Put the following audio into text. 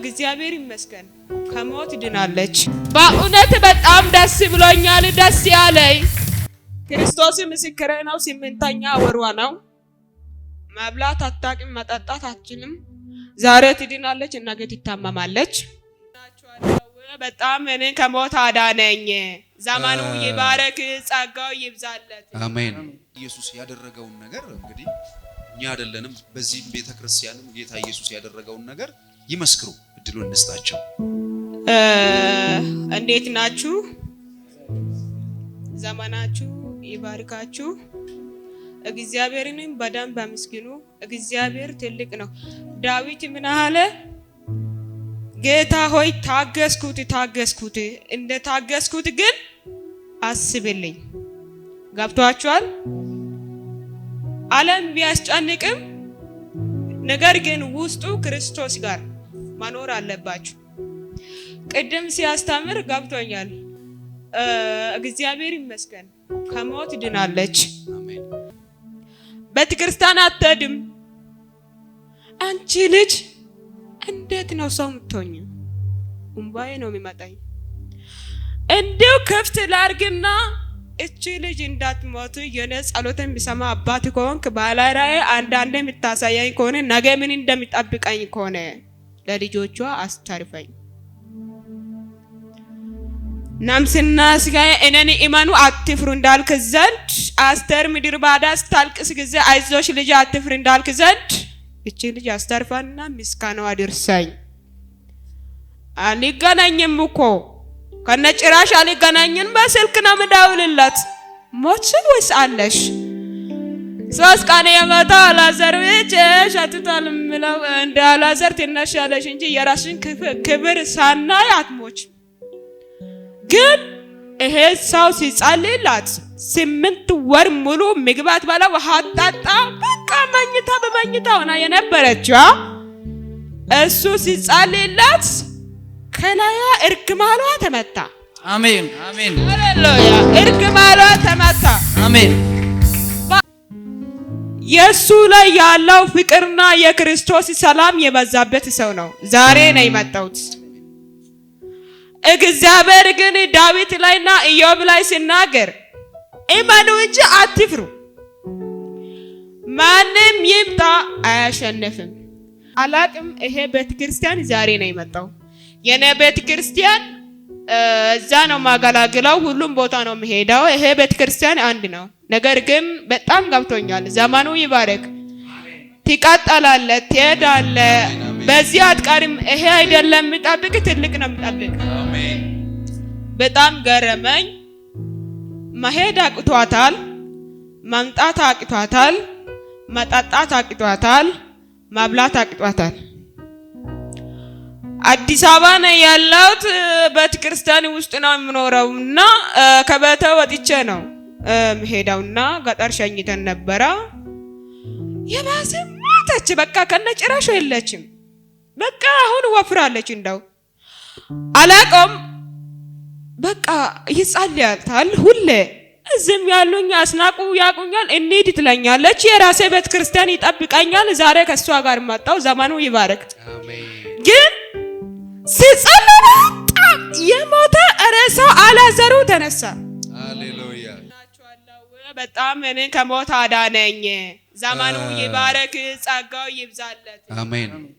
እግዚአብሔር ይመስገን ከሞት ድናለች። በእውነት በጣም ደስ ብሎኛል። ደስ ያለኝ ክርስቶስ ምስክሬ ነው። ስምንተኛ ወሯ ነው። መብላት አታውቅም፣ መጠጣት አትችልም። ዛሬ ትድናለች፣ ነገ ትታመማለች። በጣም እኔ ከሞት አዳነኝ። ዘመኑ ይባረክ፣ ጸጋው ይብዛለት። አሜን። ኢየሱስ ያደረገውን ነገር እንግዲህ እኛ አይደለንም፣ በዚህም ቤተክርስቲያንም ጌታ ኢየሱስ ያደረገውን ነገር ይመስክሩ። እድሉን እንስጣቸው። እንዴት ናችሁ? ዘመናችሁ ይባርካችሁ። እግዚአብሔርንም በደንብ አመስግኑ። እግዚአብሔር ትልቅ ነው። ዳዊት ምን አለ? ጌታ ሆይ ታገስኩት ታገስኩት፣ እንደ ታገስኩት ግን አስብልኝ። ገብቷችኋል? ዓለም ቢያስጨንቅም ነገር ግን ውስጡ ክርስቶስ ጋር መኖር አለባችሁ። ቅድም ሲያስተምር ገብቶኛል። እግዚአብሔር ይመስገን ከሞት ድናለች። ቤተክርስቲያን አትሄድም። አንቺ ልጅ እንዴት ነው ሰው የምትሆኝ? እምባዬ ነው የሚመጣኝ። እንዲሁ ክፍት ላርግና እቺ ልጅ እንዳትሞቱ የኔ ጸሎትን ቢሰማ አባት ከሆንክ ባላራዬ አንዳንዴ የምታሳያኝ ከሆነ ነገ ምን እንደሚጠብቀኝ ከሆነ ለልጆቿ አስተርፈኝ። ነፍስና ስጋ እኔን እመኑ አትፍሩ እንዳልክ ዘንድ አስቴር ምድረ በዳ ስታለቅስ ጊዜ አይዞሽ ልጅ አትፍሪ እንዳልክ ዘንድ እቺ ልጅ አስተርፋና ምስጋናዋ አድርሰኝ። አልገናኝም እኮ ከነጭራሽ አልገናኝም። በስልክ ነው የምደውልለት። ሞትሽን ወይስ አለሽ? ሶስት ቀን የሞተው አልዓዛር ብቻ ሸትቷል የምለው እንደ አልዓዛር ትነሻለሽ እንጂ የራስሽን ክብር ሳናይ አትሞች። ግን ይሄ ሰው ሲጸልይላት ስምንት ወር ሙሉ ምግባት አትበላ፣ ውሃ አትጠጣ፣ በቃ መኝታ በመኝታ ሆና የነበረችው እሱ ሲጸልይላት ከላያ እርግማሏ ተመታ። አሜን አሜን። ሃሌሉያ! እርግማሏ ተመታ። አሜን የእሱ ላይ ያለው ፍቅርና የክርስቶስ ሰላም የበዛበት ሰው ነው። ዛሬ ነው የመጣሁት። እግዚአብሔር ግን ዳዊት ላይና ኢዮብ ላይ ሲናገር እመኑ እንጂ አትፍሩ፣ ማንም ይምጣ አያሸንፍም። አላቅም። ይሄ ቤተክርስቲያን ዛሬ ነው የመጣው የነ ቤተክርስቲያን! እዛ ነው ማገላግለው። ሁሉም ቦታ ነው የሚሄደው። ይሄ ቤተክርስቲያን አንድ ነው። ነገር ግን በጣም ገብቶኛል። ዘመኑ ይባረክ። ትቀጠላለ፣ ትሄዳለ። በዚህ አትቀርም። ይሄ አይደለም የሚጠብቅ ትልቅ ነው የሚጠብቅ። በጣም ገረመኝ። መሄድ አቅቷታል፣ መምጣት አቅቷታል፣ መጠጣት አቅቷታል፣ መብላት አቅቷታል። አዲስ አበባ ነው ያለሁት። ቤተክርስቲያን ውስጥ ነው የምኖረው እና ከቤተ ወጥቼ ነው ሄደው እና ገጠር ሸኝተን ነበረ። የባሰ በቃ ከነ ጭራሹ የለችም። በቃ አሁን ወፍራለች። እንደው አላቀም። በቃ ይጸልያታል ሁሌ እዚህም ያሉኝ አስናቁ ያቁኛል። እንሂድ ትለኛለች። የራሴ ቤተክርስቲያን ይጠብቀኛል። ዛሬ ከእሷ ጋር መጣው። ዘመኑ ይባረክ። ግን ሲጸልይ በጣም የሞተ ተነሳ። በጣም እኔ ከሞት አዳነኝ። ዘመኑ ይባረክ፣ ጸጋው ይብዛለት። አሜን።